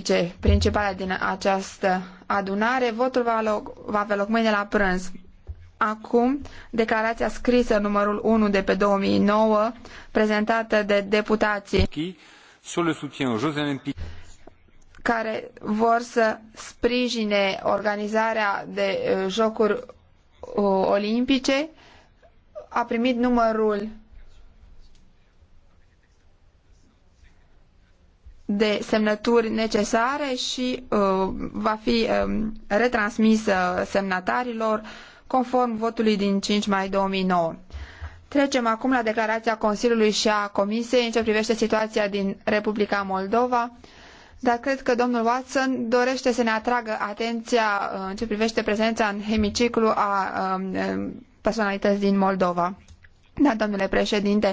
tematice principale din această adunare. Votul va, loc, va avea loc mâine la prânz. Acum, declarația scrisă numărul 1 de pe 2009, prezentată de deputații care vor să sprijine organizarea de uh, jocuri uh, olimpice, a primit numărul de semnături necesare și uh, va fi uh, retransmisă semnatarilor conform votului din 5 mai 2009. Trecem acum la declarația Consiliului și a Comisiei în ce privește situația din Republica Moldova, dar cred că domnul Watson dorește să ne atragă atenția în uh, în ce privește prezența în hemiciclu a um, um, personalități din Moldova. Da, domnule președinte,